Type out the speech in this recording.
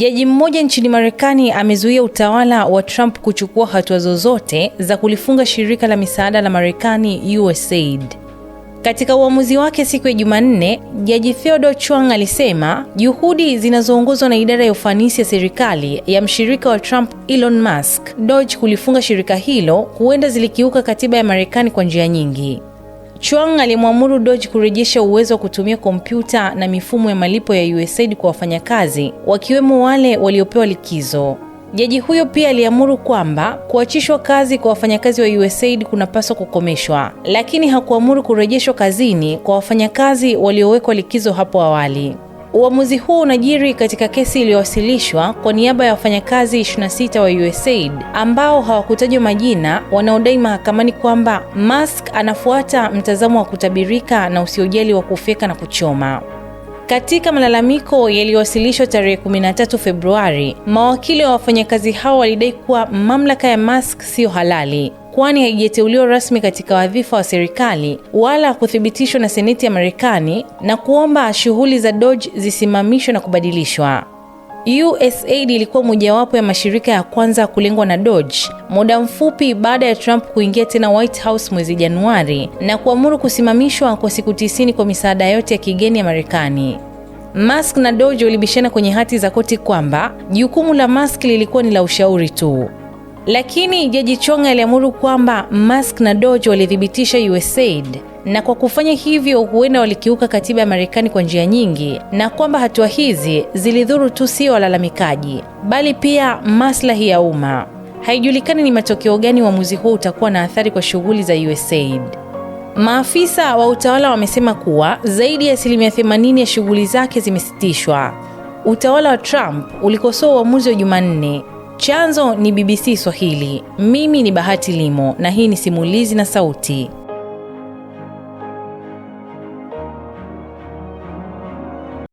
Jaji mmoja nchini Marekani amezuia utawala wa Trump kuchukua hatua zozote za kulifunga shirika la misaada la Marekani USAID. Katika uamuzi wake siku ya Jumanne, Jaji Theodore Chuang alisema juhudi zinazoongozwa na idara ya ufanisi ya serikali ya mshirika wa Trump Elon Musk Dodge kulifunga shirika hilo huenda zilikiuka katiba ya Marekani kwa njia nyingi. Chuang alimwamuru Doge kurejesha uwezo wa kutumia kompyuta na mifumo ya malipo ya USAID kwa wafanyakazi, wakiwemo wale waliopewa likizo. Jaji huyo pia aliamuru kwamba kuachishwa kazi kwa wafanyakazi wa USAID kunapaswa kukomeshwa, lakini hakuamuru kurejeshwa kazini kwa wafanyakazi waliowekwa likizo hapo awali. Uamuzi huu unajiri katika kesi iliyowasilishwa kwa niaba ya wafanyakazi 26 wa USAID ambao hawakutajwa majina, wanaodai mahakamani kwamba Musk anafuata mtazamo wa kutabirika na usiojali wa kufyeka na kuchoma. Katika malalamiko yaliyowasilishwa tarehe 13 Februari, mawakili wa wafanyakazi hao walidai kuwa mamlaka ya Musk siyo halali kwani haijateuliwa rasmi katika wadhifa wa serikali wala kuthibitishwa na Seneti ya Marekani na kuomba shughuli za Doge zisimamishwe na kubadilishwa. USAID ilikuwa mojawapo ya mashirika ya kwanza kulengwa na Doge muda mfupi baada ya Trump kuingia tena White House mwezi Januari na kuamuru kusimamishwa kwa siku tisini kwa misaada yote ya kigeni ya Marekani. Musk na Doge walibishana kwenye hati za koti kwamba jukumu la Musk lilikuwa ni la ushauri tu lakini Jaji Chonga aliamuru kwamba Musk na Doge walithibitisha USAID na kwa kufanya hivyo huenda walikiuka katiba ya Marekani kwa njia nyingi, na kwamba hatua hizi zilidhuru tu sio walalamikaji, bali pia maslahi ya umma. Haijulikani ni matokeo gani uamuzi huo utakuwa na athari kwa shughuli za USAID. Maafisa wa utawala wamesema kuwa zaidi ya asilimia 80 ya shughuli zake zimesitishwa. Utawala wa Trump ulikosoa uamuzi wa Jumanne Chanzo ni BBC Swahili. Mimi ni Bahati Limo na hii ni simulizi na sauti.